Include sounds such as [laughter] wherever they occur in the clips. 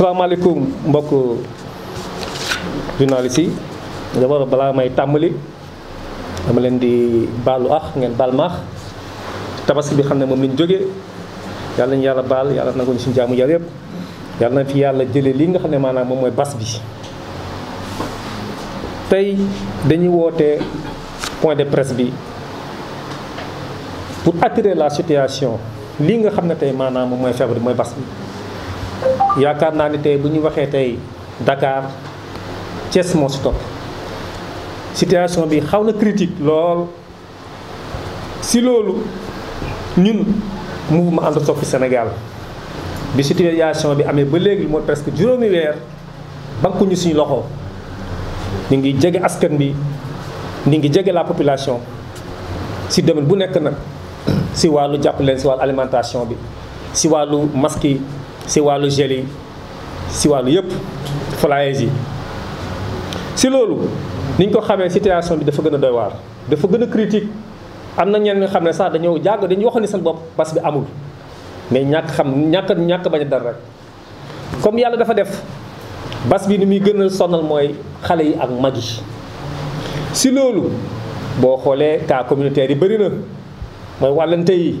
salaamaaleykum mbokk journaliste yi d'abord balaa may tàmbali dama leen di baalu ax ngeen baal maax tabaski bi xam ne moom lañ jóge yàlla nañu yàlla baal yàlla nanguñu suñu jaamu yàlla yëpp yàlla na fi yàlla jëlee li nga xam ne maanaam moom mooy bas bi tey dañuy woote point de presse bi pour attirer la situation lii nga xam ne tey maanaam moom mooy feebar bi mooy bas yaakaar naa ni tey bu ñu waxee tey Dakar Thiès moo si topp situation bi xaw na critique lool si loolu ñun mouvement And Soppi Sénégal bi situation bi amee ba léegi mooy presque juróomi weer ñu suñu loxo ñu ngi jege askan bi ñu ngi jege la population si domaine bu nekk nag si wàllu jàpp si wàllu alimentation bi si wàllu masque si wàllu gel si wàllu yëpp flyers yi si loolu niñ ko xamee situation bi dafa gën a doy waar dafa gën a critique am na ñeen nga xam ne sax dañoo jàgg dañu waxoon ni seen bopp parce que amul mais ñàkk xam ñàkk ñàkk bañ dara rek comme yàlla dafa def bas bi ni muy gën a sonal mooy xale yi ak mag yi si loolu boo xoolee cas communautaire yi bëri na mooy wàllante yi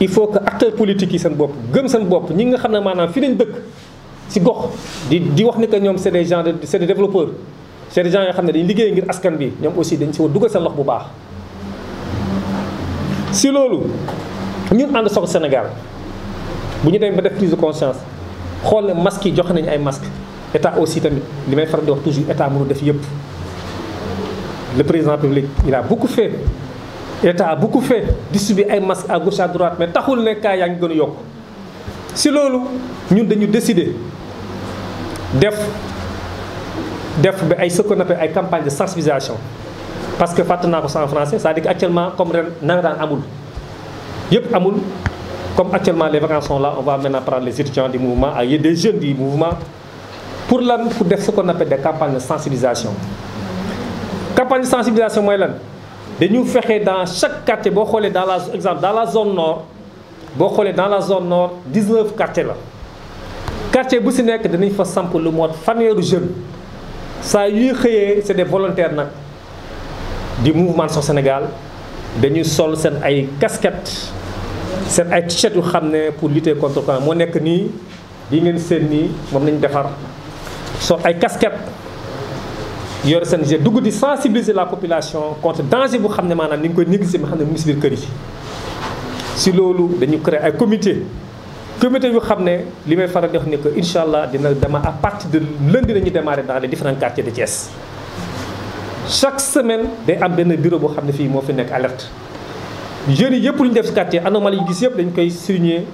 il faut que acteurs politiques yi seen bopp gëm seen bopp ñi nga xam ne maanaam fi lañ dëkk si gox di di wax ni que ñoom c'est des gens de c'est des développeurs yoo xam ne dañ liggéey ngir askan bi ñoom aussi dañ si war dugal seen lox bu baax si loolu ñun ànd soxla Sénégal bu ñu dem ba def prise de conscience xool ne masques yi joxe nañu ay masques état aussi tamit li may faral di wax toujours état mënu def yëpp le président public il a beaucoup état beaucoup fait fait, distribuer un masque à gauche à droite mais taxul ne a pas ngi yok si nous ñun dañu décider def def bi ay ce qu'on appelle ay campagne de sensibilisation parce que fàtte ko en français c'est-à-dire actuellement comme ren nawetaan amul yëpp amul comme actuellement les vacances sont là on va maintenant prendre les étudiants du mouvement ah, il y des jeunes du mouvement pour lan pour ce qu'on appelle des campagnes de sensibilisation campagne de sensibilisation moy lan nous faisons dans chaque quartier par dans exemple dans la zone nord 19 quartiers. dans la zone nord 19 quartiers la quartier bu si nous faisons pour le monde. mot fanweeru jeune Ça yuy c'est des volontaires du mouvement sur Sénégal Nous sol des ay casquettes des ay t-shirt pour lutter contre le moo Nous sommes di ngeen seen nii moom lañu ay casquettes yor seen g dugg di sensibiliser la population contre danger bu xam ne ni ñu koy négliger ma mu si biir yi si dañu créer un comité comité yu xam limay faral di wax ne que inshallah dina dama à partir de lundi dañuy démarrer dans les différents quartiers de Thiès chaque semaine day am ben bureau bu xam fi mo fi nek alerte jeunes yi yëpp def ci quartier anomalie yi gis yëpp dañ koy souligner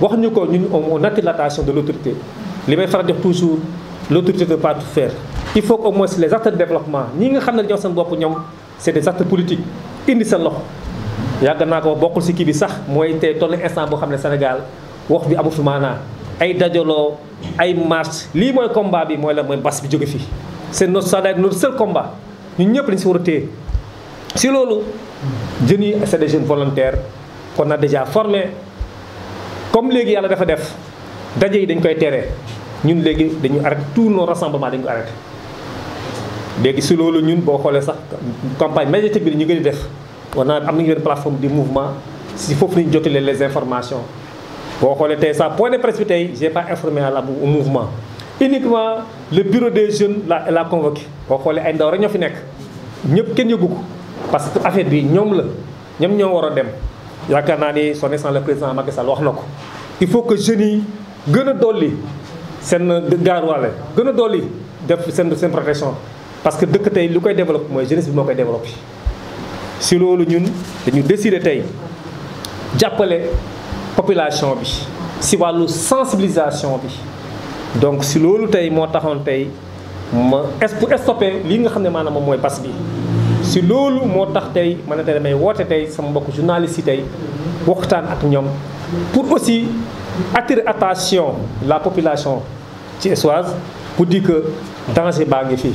wax ñu ko ñun on attire de l'autorité. limay faral di wax toujours l'autorité ne peut pas tout faire il faut que au moins les acteurs de développement ñi nga xamné ñoo seen bop ñom c'est des acteurs politiques indi sa lox yag na ko bokul si ki bi sax moy té toll instant bo xamné Sénégal wax bi amu fi maanaa ay dajolo ay marche li moy combat bi moy la moy bas bi jóge fi c'est est notre salaire notre seul combat ñun ñëpp lañ ci wara a ci lolu jëni c'est des jeunes volontaires qu'on a déjà formé comme légui yalla dafa def dajé yi dañ koy téré ñun légui dañu arrêté tous nos rassemblements dañ ko arrêté léegi ci loolu ñun bo xolé sax campagne médiatique bi ñu gëni def on a am une plateforme de mouvement si fofu ñu jotalee les informations bo xolé tay ça point de presse tay j'ai pas informé à la au mouvement uniquement le bureau des jeunes la a convoqué bo xolé ay ndaw rek ñoo fi nekk ñëpp kenn yëgu parce que affaire bi ñom la ñam ñoo wara a dem yaakaar na ni son sans le président Macky Sall wax nako il faut que jeunes yi gën a dolli garwalé gëna doli def sen sen protection parce que dëkk tey lu koy développe jeunesse bi si loolu décider tey population bi si sensibilisation donc si ma pour stopper lii nga xam ne maanaam bi si loolu moo tax tey ne tey sama journaliste pour aussi attirer attention la population Essoise pour dire que danger ces ngi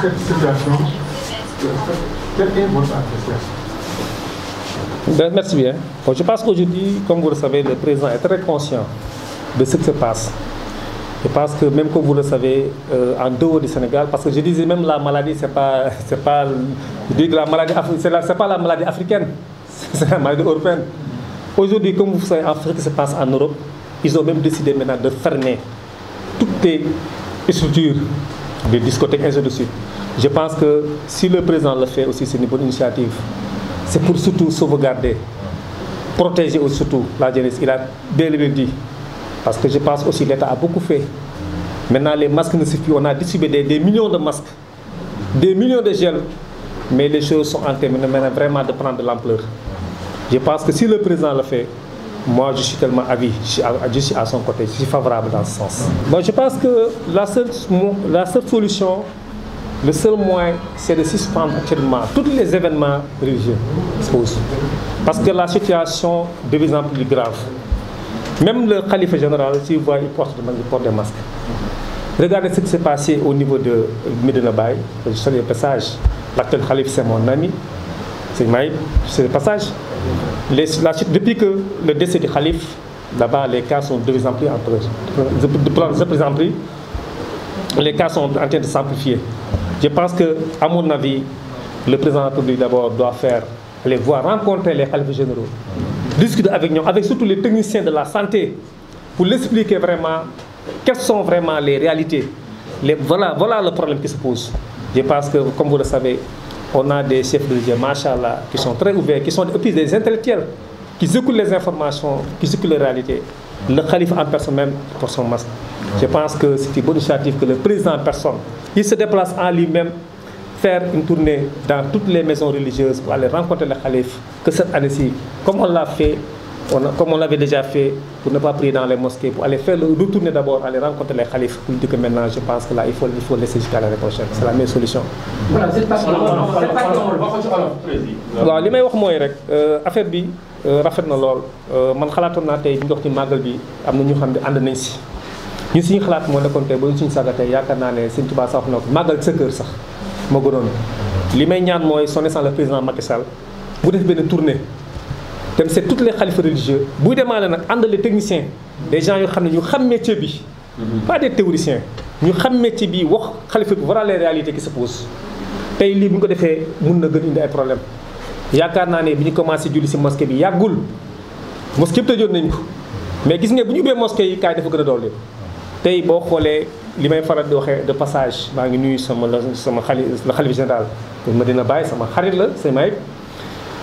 cette situation, Merci bien. je pense qu'aujourd'hui, comme vous le savez, le président est très conscient de ce qui se passe. Je pense que même comme vous le savez, euh, en dehors du Sénégal, parce que je disais même la maladie, c'est pas, pas, la maladie, pas la maladie africaine, [laughs] c'est la maladie européenne. Aujourd'hui, comme vous savez, en ce qui se passe en Europe, ils ont même décidé maintenant de fermer toutes les structures des discothèques, ainsi de suite. Je pense que si le président le fait aussi, c'est une bonne initiative. C'est pour surtout sauvegarder, protéger surtout la jeunesse. Il a dès le dit. Parce que je pense aussi l'État a beaucoup fait. Maintenant, les masques ne suffisent On a distribué des, millions de masques, des millions de gels. Mais les choses sont en train maintenant vraiment de prendre de l'ampleur. Je pense que si le président le fait, moi je suis tellement avis, je suis à son côté, je suis favorable dans ce sens. je pense que la seule, la seule solution, le seul moyen, c'est de suspendre actuellement tous les événements religieux Parce que la situation devient plus grave. Même le calife général, si vous voyez, il porte, porte des masques. Regardez ce qui s'est passé au niveau de Medina Je salue le passage. L'actuel calife, c'est mon ami. C'est Maïb, c'est le passage depuis que le décès du calife, là les cas sont de plus en plus de les cas sont en train de s'amplifier. Je pense que, à mon avis, le président de la République d'abord doit faire les voir rencontrer les califes généraux, discuter avec nous, avec surtout les techniciens de la santé, pour l'expliquer vraiment quelles sont vraiment les réalités. voilà, voilà le problème qui se pose. Je pense que, comme vous le savez, on a des chefs religieux, machallah, qui sont très ouverts, qui sont des intellectuels, qui écoutent les informations, qui écoutent les réalités. Le calife en personne même pour son masque. Je pense que c'est une bonne initiative que le président en personne, il se déplace en lui-même, faire une tournée dans toutes les maisons religieuses pour aller rencontrer le calife, que cette année-ci, comme on l'a fait on a, comme on l'avait déjà fait pour ne pas prier dans les mosquées, pour aller faire le retourner d'abord, aller rencontrer les khalifs, pour dire que maintenant je pense que là il faut, il faut laisser jusqu'à l'année prochaine. C'est la meilleure solution. Voilà, c'est pas waaw li may wax mooy rek euh, affaire bi euh, rafet na lool euh, man xalaatoon naa tey ñu dox ci màggal bi am na ñu xam ne ànd nañ si ñu suñu xalaat moo nekkoon tey ba suñu saga tey yaakaar naa ne Sëñ Tuubaa sax wax na ko màggal sa kër sax moo gënoon li ñaan mooy sonné sans le président Macky Sall bu def benn tournée dem c'est toutes les khalifes religieux buy demaale nag àndale techniciens, des gens yoo xam ne ñu xam métier bi mhm. pas des théoriciens ñu xam métier bi wax xalifa bi voilà les réalités qui se posent tey lii bu ñu ko defee mun na gën indi ay problème yaakaar naa ne bi commencé julli ci mosquée bi yàggul mosquée te jot nañ ko mais gis nga buñu ñu mosquée yi kaay dafa gëna a doole tey boo xoolee li faral di waxee de passage ma ngi nuyu sama sama xali la xalifa général ma dina bàyyi sama kharit la c'est maïk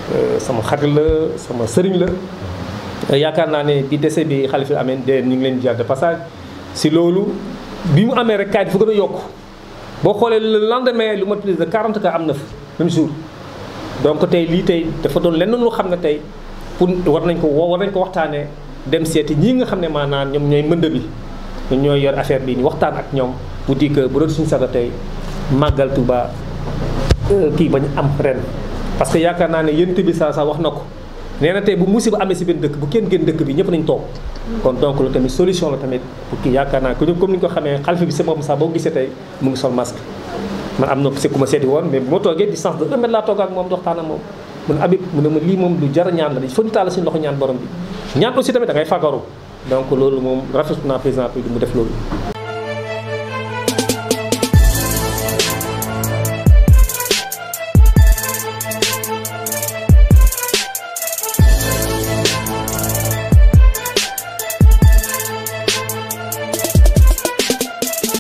Euh, sama xarit la sama sëriñ la euh, yaakaar naa ne bi décès bi xalifa amee de ñu ngi leen jaar de passage si loolu bi mu amee rek kaay dafa gën a yokk boo xoolee le lendemain lu ma plus de 40 am na fa même jour donc tey lii tey dafa doon lenn lu xam ne tey pour war nañ ko woo war nañ ko waxtaanee dem seeti ñii nga xam ne maanaam ñoom ñooy mënd bi ñun ñooy yor affaire bi ñu waxtaan ak ñoom bu di bu doon suñu sago tey màggal Tuuba euh, kii bañ am ren parce que yaakaar naa ne yent bi sa sa wax na ko nee bu musiba amé ci benn dëkk bu kenn génn dëkk bi ñëpp nañ tok kon donc lu tamit solution la tamit pour ki yaakaar naa ko ñëpp comme ni ko xamé xalfi bi si moom sax boo gisee tey mu ngi sol masque man amna ci kuma séti won mais mo togué toogee distance de 1 mètre laa toog ak mom di waxtaan ak mu ne abib mu ne ma lii moom lu jar ñaan la dañ fa ñu suñu loxo ñaan borom bi ñaan aussi tamit da ngay fagaru donc lolu mom rafetlu président bi mu def lolu